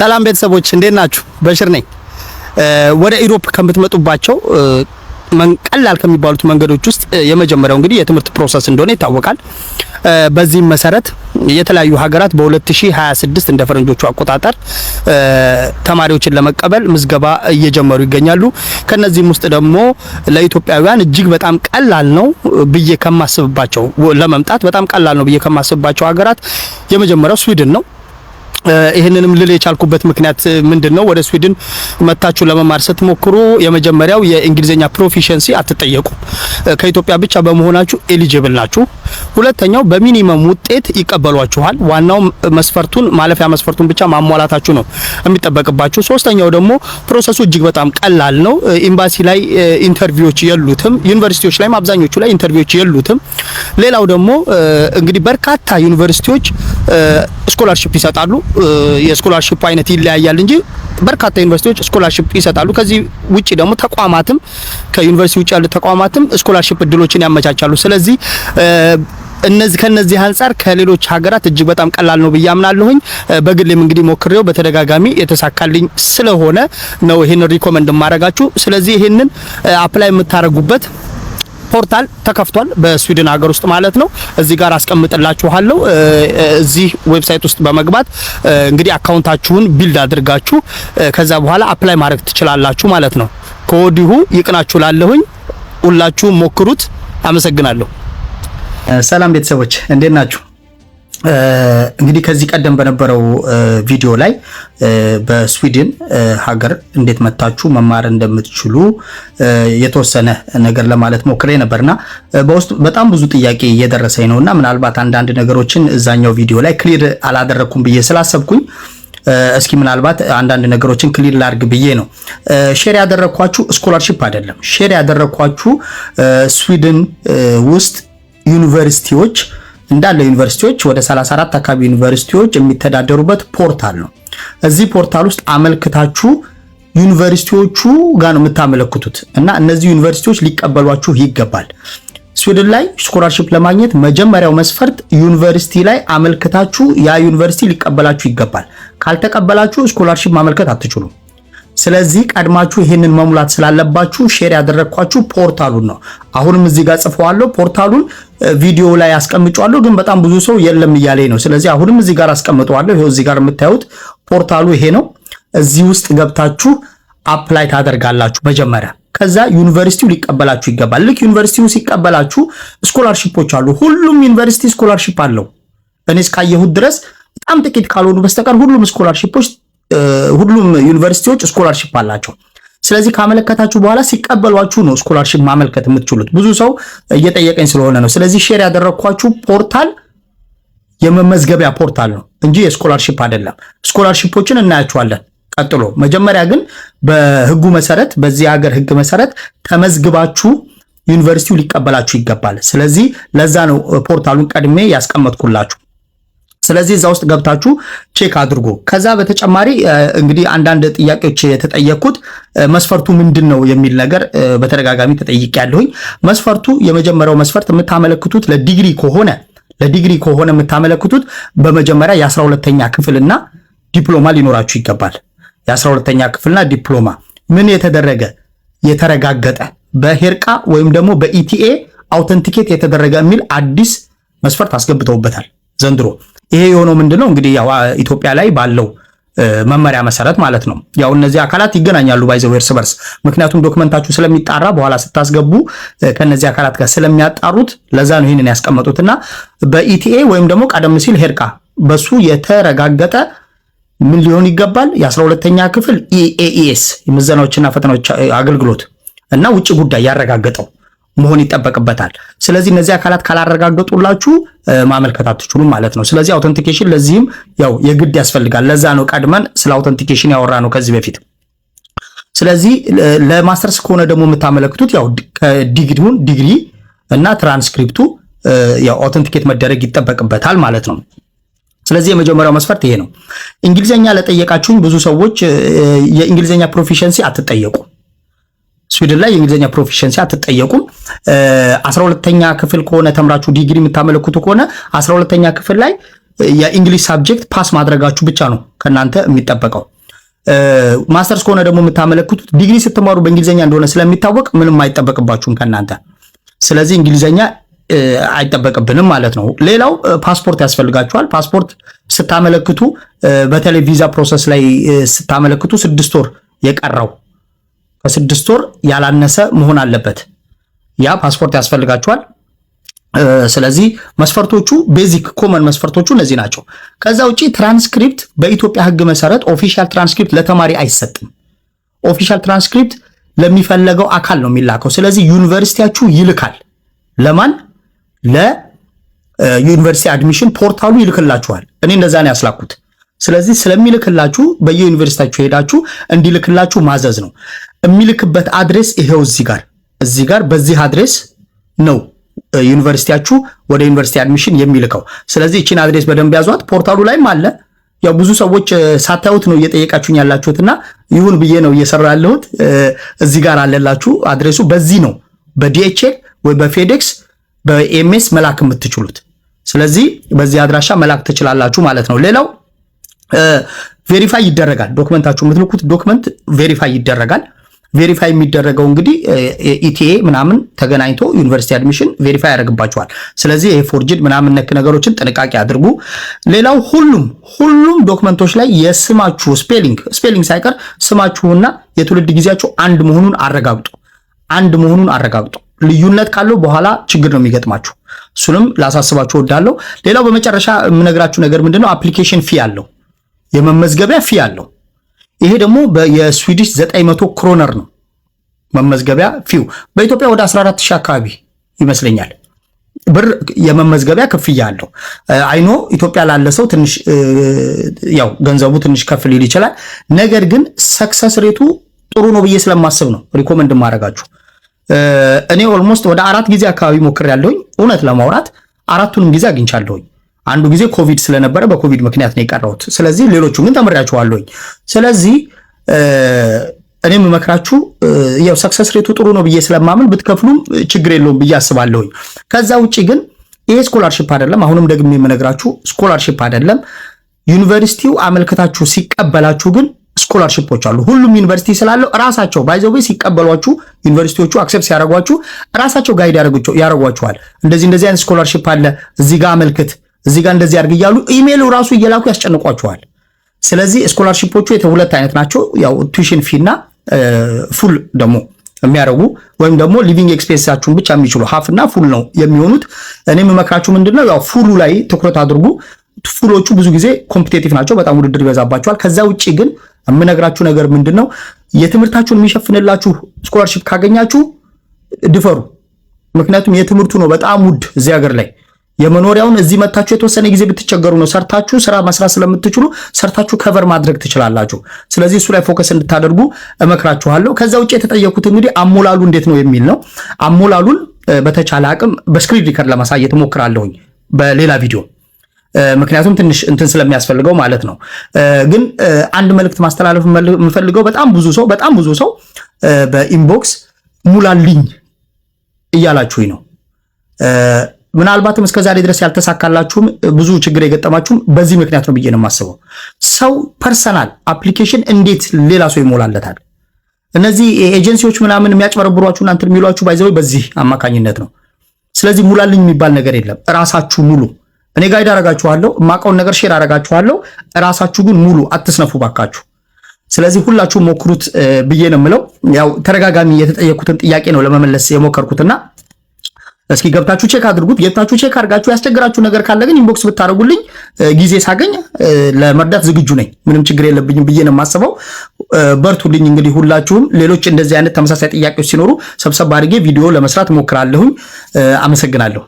ሰላም ቤተሰቦች እንዴት ናችሁ? በሽር ነኝ። ወደ ኢሮፕ ከምትመጡባቸው ቀላል ከሚባሉት መንገዶች ውስጥ የመጀመሪያው እንግዲህ የትምህርት ፕሮሰስ እንደሆነ ይታወቃል። በዚህም መሰረት የተለያዩ ሀገራት በ2026 እንደ ፈረንጆቹ አቆጣጠር ተማሪዎችን ለመቀበል ምዝገባ እየጀመሩ ይገኛሉ። ከነዚህም ውስጥ ደግሞ ለኢትዮጵያውያን እጅግ በጣም ቀላል ነው ብዬ ከማስብባቸው ለመምጣት በጣም ቀላል ነው ብዬ ከማስብባቸው ሀገራት የመጀመሪያው ስዊድን ነው። ይህንንም ልል የቻልኩበት ምክንያት ምንድን ነው? ወደ ስዊድን መታችሁ ለመማር ስትሞክሩ የመጀመሪያው የእንግሊዝኛ ፕሮፊሽንሲ አትጠየቁም። ከኢትዮጵያ ብቻ በመሆናችሁ ኤሊጅብል ናችሁ። ሁለተኛው በሚኒመም ውጤት ይቀበሏችኋል። ዋናው መስፈርቱን ማለፊያ መስፈርቱን ብቻ ማሟላታችሁ ነው የሚጠበቅባችሁ። ሶስተኛው ደግሞ ፕሮሰሱ እጅግ በጣም ቀላል ነው። ኤምባሲ ላይ ኢንተርቪዎች የሉትም። ዩኒቨርሲቲዎች ላይም አብዛኞቹ ላይ ኢንተርቪዎች የሉትም። ሌላው ደግሞ እንግዲህ በርካታ ዩኒቨርሲቲዎች ስኮላርሽፕ ይሰጣሉ። የስኮላርሽፕ አይነት ይለያያል እንጂ በርካታ ዩኒቨርሲቲዎች ስኮላርሽፕ ይሰጣሉ። ከዚህ ውጪ ደግሞ ተቋማትም ከዩኒቨርሲቲ ውጪ ያሉ ተቋማትም ስኮላርሽፕ እድሎችን ያመቻቻሉ። ስለዚህ እነዚህ ከነዚህ አንጻር ከሌሎች ሀገራት እጅግ በጣም ቀላል ነው ብዬ አምናለሁኝ። በግሌም እንግዲህ ሞክሬው በተደጋጋሚ የተሳካልኝ ስለሆነ ነው ይሄንን ሪኮመንድ ማረጋችሁ። ስለዚህ ይሄንን አፕላይ የምታረጉበት ፖርታል ተከፍቷል፣ በስዊድን ሀገር ውስጥ ማለት ነው። እዚህ ጋር አስቀምጥላችኋለሁ። እዚህ ዌብሳይት ውስጥ በመግባት እንግዲህ አካውንታችሁን ቢልድ አድርጋችሁ ከዛ በኋላ አፕላይ ማድረግ ትችላላችሁ ማለት ነው። ከወዲሁ ይቅናችሁ ላለሁኝ ሁላችሁም ሞክሩት። አመሰግናለሁ። ሰላም ቤተሰቦች እንዴት ናችሁ? እንግዲህ ከዚህ ቀደም በነበረው ቪዲዮ ላይ በስዊድን ሀገር እንዴት መታችሁ መማር እንደምትችሉ የተወሰነ ነገር ለማለት ሞክሬ ነበርና በውስጥ በጣም ብዙ ጥያቄ እየደረሰኝ ነው እና ምናልባት አንዳንድ ነገሮችን እዛኛው ቪዲዮ ላይ ክሊር አላደረግኩም ብዬ ስላሰብኩኝ እስኪ ምናልባት አንዳንድ ነገሮችን ክሊር ላርግ ብዬ ነው ሼር ያደረግኳችሁ። ስኮላርሺፕ አይደለም ሼር ያደረግኳችሁ ስዊድን ውስጥ ዩኒቨርሲቲዎች እንዳለ ዩኒቨርሲቲዎች ወደ 34 አካባቢ ዩኒቨርሲቲዎች የሚተዳደሩበት ፖርታል ነው። እዚህ ፖርታል ውስጥ አመልክታችሁ ዩኒቨርሲቲዎቹ ጋር ነው የምታመለክቱት እና እነዚህ ዩኒቨርሲቲዎች ሊቀበሏችሁ ይገባል። ስዊድን ላይ ስኮላርሽፕ ለማግኘት መጀመሪያው መስፈርት ዩኒቨርሲቲ ላይ አመልክታችሁ ያ ዩኒቨርሲቲ ሊቀበላችሁ ይገባል። ካልተቀበላችሁ ስኮላርሽፕ ማመልከት አትችሉም። ስለዚህ ቀድማችሁ ይህንን መሙላት ስላለባችሁ ሼር ያደረግኳችሁ ፖርታሉን ነው። አሁንም እዚህ ጋር ጽፈዋለሁ። ፖርታሉን ቪዲዮ ላይ አስቀምጫለሁ፣ ግን በጣም ብዙ ሰው የለም እያለኝ ነው። ስለዚህ አሁንም እዚህ ጋር አስቀምጠዋለሁ። ይኸው እዚህ ጋር የምታዩት ፖርታሉ ይሄ ነው። እዚህ ውስጥ ገብታችሁ አፕላይ ታደርጋላችሁ መጀመሪያ። ከዛ ዩኒቨርሲቲው ሊቀበላችሁ ይገባል። ልክ ዩኒቨርሲቲው ሲቀበላችሁ ስኮላርሺፖች አሉ። ሁሉም ዩኒቨርሲቲ ስኮላርሺፕ አለው እኔ እስካየሁት ድረስ በጣም ጥቂት ካልሆኑ በስተቀር ሁሉም ስኮላርሺፖች ሁሉም ዩኒቨርሲቲዎች ስኮላርሺፕ አላቸው። ስለዚህ ካመለከታችሁ በኋላ ሲቀበሏችሁ ነው ስኮላርሺፕ ማመልከት የምትችሉት። ብዙ ሰው እየጠየቀኝ ስለሆነ ነው። ስለዚህ ሼር ያደረግኳችሁ ፖርታል የመመዝገቢያ ፖርታል ነው እንጂ የስኮላርሺፕ አይደለም። ስኮላርሺፖችን እናያቸዋለን ቀጥሎ። መጀመሪያ ግን በህጉ መሰረት በዚህ ሀገር ህግ መሰረት ተመዝግባችሁ ዩኒቨርሲቲው ሊቀበላችሁ ይገባል። ስለዚህ ለዛ ነው ፖርታሉን ቀድሜ ያስቀመጥኩላችሁ። ስለዚህ እዛ ውስጥ ገብታችሁ ቼክ አድርጉ። ከዛ በተጨማሪ እንግዲህ አንዳንድ ጥያቄዎች የተጠየኩት መስፈርቱ ምንድን ነው የሚል ነገር በተደጋጋሚ ተጠይቄ ያለሁኝ። መስፈርቱ የመጀመሪያው መስፈርት የምታመለክቱት ለዲግሪ ከሆነ ለዲግሪ ከሆነ የምታመለክቱት በመጀመሪያ የአስራ ሁለተኛ ክፍልና ዲፕሎማ ሊኖራችሁ ይገባል። የአስራ ሁለተኛ ክፍልና ዲፕሎማ ምን የተደረገ የተረጋገጠ በሄርቃ ወይም ደግሞ በኢቲኤ አውተንቲኬት የተደረገ የሚል አዲስ መስፈርት አስገብተውበታል ዘንድሮ። ይሄ የሆነው ምንድነው እንግዲህ ያው ኢትዮጵያ ላይ ባለው መመሪያ መሰረት ማለት ነው። ያው እነዚህ አካላት ይገናኛሉ ባይዘው እርስ በርስ ምክንያቱም ዶክመንታችሁ ስለሚጣራ በኋላ ስታስገቡ ከነዚህ አካላት ጋር ስለሚያጣሩት ለዛ ነው ይህንን ያስቀመጡትና በኢቲኤ ወይም ደግሞ ቀደም ሲል ሄርቃ በሱ የተረጋገጠ ምን ሊሆን ይገባል? የአስራ ሁለተኛ ክፍል ኢኤኢኤስ የምዘናዎችና ፈተናዎች አገልግሎት እና ውጭ ጉዳይ ያረጋገጠው መሆን ይጠበቅበታል። ስለዚህ እነዚህ አካላት ካላረጋገጡላችሁ ማመልከት አትችሉም ማለት ነው። ስለዚህ አውተንቲኬሽን ለዚህም ያው የግድ ያስፈልጋል። ለዛ ነው ቀድመን ስለ አውተንቲኬሽን ያወራ ነው ከዚህ በፊት። ስለዚህ ለማስተርስ ከሆነ ደግሞ የምታመለክቱት ያው ዲግሪውን ዲግሪ እና ትራንስክሪፕቱ ያው አውተንቲኬት መደረግ ይጠበቅበታል ማለት ነው። ስለዚህ የመጀመሪያው መስፈርት ይሄ ነው። እንግሊዝኛ ለጠየቃችሁኝ ብዙ ሰዎች የእንግሊዘኛ ፕሮፊሸንሲ አትጠየቁ ስዊድን ላይ የእንግሊዝኛ ፕሮፊሸንሲ አትጠየቁም። አስራ ሁለተኛ ክፍል ከሆነ ተምራችሁ ዲግሪ የምታመለክቱ ከሆነ አስራ ሁለተኛ ክፍል ላይ የእንግሊዝ ሳብጀክት ፓስ ማድረጋችሁ ብቻ ነው ከእናንተ የሚጠበቀው። ማስተርስ ከሆነ ደግሞ የምታመለክቱት ዲግሪ ስትማሩ በእንግሊዝኛ እንደሆነ ስለሚታወቅ ምንም አይጠበቅባችሁም ከእናንተ። ስለዚህ እንግሊዝኛ አይጠበቅብንም ማለት ነው። ሌላው ፓስፖርት ያስፈልጋችኋል። ፓስፖርት ስታመለክቱ በተለይ ቪዛ ፕሮሰስ ላይ ስታመለክቱ ስድስት ወር የቀረው ከስድስት ወር ያላነሰ መሆን አለበት። ያ ፓስፖርት ያስፈልጋችኋል። ስለዚህ መስፈርቶቹ ቤዚክ ኮመን መስፈርቶቹ እነዚህ ናቸው። ከዛ ውጪ ትራንስክሪፕት በኢትዮጵያ ሕግ መሰረት ኦፊሻል ትራንስክሪፕት ለተማሪ አይሰጥም። ኦፊሻል ትራንስክሪፕት ለሚፈለገው አካል ነው የሚላከው። ስለዚህ ዩኒቨርሲቲያችሁ ይልካል። ለማን ለዩኒቨርሲቲ አድሚሽን ፖርታሉ ይልክላችኋል። እኔ እንደዛ ነው ያስላኩት። ስለዚህ ስለሚልክላችሁ በየዩኒቨርሲቲያችሁ ሄዳችሁ እንዲልክላችሁ ማዘዝ ነው። የሚልክበት አድሬስ ይሄው እዚህ ጋር እዚህ ጋር በዚህ አድሬስ ነው ዩኒቨርሲቲያችሁ ወደ ዩኒቨርሲቲ አድሚሽን የሚልከው። ስለዚህ ይችን አድሬስ በደንብ ያዟት። ፖርታሉ ላይም አለ። ያው ብዙ ሰዎች ሳታዩት ነው እየጠየቃችሁኝ ያላችሁትና ይሁን ብዬ ነው እየሰራ ያለሁት። እዚህ ጋር አለላችሁ አድሬሱ። በዚህ ነው በዲኤችኤል ወይ በፌዴክስ በኤምኤስ መላክ የምትችሉት። ስለዚህ በዚህ አድራሻ መላክ ትችላላችሁ ማለት ነው። ሌላው ቬሪፋይ ይደረጋል። ዶክመንታችሁ የምትልኩት ዶክመንት ቬሪፋይ ይደረጋል። ቬሪፋይ የሚደረገው እንግዲህ ኢቲኤ e ምናምን ተገናኝቶ ዩኒቨርሲቲ አድሚሽን ቬሪፋይ ያደርግባቸዋል። ስለዚህ ይሄ ፎርጅድ ምናምን ነክ ነገሮችን ጥንቃቄ አድርጉ። ሌላው ሁሉም ሁሉም ዶክመንቶች ላይ የስማችሁ ስፔሊንግ ስፔሊንግ ሳይቀር ስማችሁና የትውልድ ጊዜያችሁ አንድ መሆኑን አረጋግጡ። አንድ መሆኑን አረጋግጡ። ልዩነት ካለው በኋላ ችግር ነው የሚገጥማችሁ። እሱንም ላሳስባችሁ ወዳለሁ ሌላው በመጨረሻ የምነግራችሁ ነገር ምንድነው፣ አፕሊኬሽን ፊ አለው፣ የመመዝገቢያ ፊ አለው። ይሄ ደግሞ የስዊዲሽ 900 ክሮነር ነው መመዝገቢያ ፊው በኢትዮጵያ ወደ 14 ሺህ አካባቢ ይመስለኛል ብር የመመዝገቢያ ክፍያ አለው። አይኖ ኢትዮጵያ ላለ ሰው ትንሽ ያው ገንዘቡ ትንሽ ከፍ ሊል ይችላል። ነገር ግን ሰክሰስ ሬቱ ጥሩ ነው ብዬ ስለማስብ ነው ሪኮመንድ ማድረጋችሁ። እኔ ኦልሞስት ወደ አራት ጊዜ አካባቢ ያለሁኝ እውነት ለማውራት አራቱንም ጊዜ አግኝቻለሁኝ። አንዱ ጊዜ ኮቪድ ስለነበረ በኮቪድ ምክንያት ነው የቀረሁት። ስለዚህ ሌሎቹ ግን ተምሬያቸዋለሁኝ። ስለዚህ እኔም መክራችሁ ያው ሰክሰስ ሬቱ ጥሩ ነው ብዬ ስለማምን ብትከፍሉም ችግር የለውም ብዬ አስባለሁኝ። ከዛ ውጭ ግን ይሄ ስኮላርሽፕ አይደለም። አሁንም ደግሞ የምነግራችሁ ስኮላርሽፕ አይደለም። ዩኒቨርሲቲው አመልክታችሁ ሲቀበላችሁ ግን ስኮላርሽፖች አሉ። ሁሉም ዩኒቨርሲቲ ስላለው ራሳቸው ባይዘው ቤ ሲቀበሏችሁ ዩኒቨርሲቲዎቹ አክሰፕት ሲያደርጓችሁ ራሳቸው ጋይድ ያደርጓችኋል። እንደዚህ እንደዚህ አይነት ስኮላርሽፕ አለ እዚህ ጋር አመልክት እዚህ ጋር እንደዚህ አድርግ እያሉ ኢሜይሉ ራሱ እየላኩ ያስጨንቋቸዋል። ስለዚህ ስኮላርሺፖቹ ሁለት አይነት ናቸው። ያው ቱሽን ፊና ፉል ደግሞ የሚያደርጉ ወይም ደግሞ ሊቪንግ ኤክስፔንሳችሁን ብቻ የሚችሉ ሀፍ እና ፉል ነው የሚሆኑት። እኔ የምመክራችሁ ምንድነው ያው ፉሉ ላይ ትኩረት አድርጉ። ፉሎቹ ብዙ ጊዜ ኮምፒቴቲቭ ናቸው፣ በጣም ውድድር ይበዛባቸዋል። ከዛ ውጭ ግን የምነግራችሁ ነገር ምንድን ነው የትምህርታችሁን የሚሸፍንላችሁ ስኮላርሺፕ ካገኛችሁ ድፈሩ። ምክንያቱም የትምህርቱ ነው በጣም ውድ እዚህ ሀገር ላይ የመኖሪያውን እዚህ መታችሁ የተወሰነ ጊዜ ብትቸገሩ ነው። ሰርታችሁ ስራ መስራት ስለምትችሉ ሰርታችሁ ከቨር ማድረግ ትችላላችሁ። ስለዚህ እሱ ላይ ፎከስ እንድታደርጉ እመክራችኋለሁ። ከዛ ውጭ የተጠየኩት እንግዲህ አሞላሉ እንዴት ነው የሚል ነው። አሞላሉን በተቻለ አቅም በስክሪን ሪከርድ ለማሳየት እሞክራለሁኝ በሌላ ቪዲዮ ምክንያቱም ትንሽ እንትን ስለሚያስፈልገው ማለት ነው። ግን አንድ መልእክት ማስተላለፍ የምፈልገው በጣም ብዙ ሰው በጣም ብዙ ሰው በኢንቦክስ ሙላልኝ እያላችሁኝ ነው። ምናልባትም ዛሬ ድረስ ያልተሳካላችሁም ብዙ ችግር የገጠማችሁም በዚህ ምክንያት ነው ብዬ ነው የማስበው። ሰው ፐርሰናል አፕሊኬሽን እንዴት ሌላ ሰው ይሞላለታል? እነዚህ ኤጀንሲዎች ምናምን የሚያጭበረብሯችሁ እናንተ የሚሏችሁ ባይዘው በዚህ አማካኝነት ነው። ስለዚህ ሙላልኝ የሚባል ነገር የለም። እራሳችሁ ሙሉ። እኔ ጋይድ አረጋችኋለሁ፣ ማቀውን ነገር ሼር አረጋችኋለሁ። እራሳችሁ ግን ሙሉ፣ አትስነፉ ባካችሁ። ስለዚህ ሁላችሁ ሞክሩት ብዬ ነው የምለው። ያው ተደጋጋሚ የተጠየኩትን ጥያቄ ነው ለመመለስ የሞከርኩትና እስኪ ገብታችሁ ቼክ አድርጉት። ገብታችሁ ቼክ አድርጋችሁ ያስቸግራችሁ ነገር ካለ ግን ኢንቦክስ ብታደርጉልኝ ጊዜ ሳገኝ ለመርዳት ዝግጁ ነኝ። ምንም ችግር የለብኝም ብዬ ነው የማስበው። በርቱልኝ። እንግዲህ ሁላችሁም ሌሎች እንደዚህ አይነት ተመሳሳይ ጥያቄዎች ሲኖሩ ሰብሰብ አድርጌ ቪዲዮ ለመስራት ሞክራለሁኝ። አመሰግናለሁ።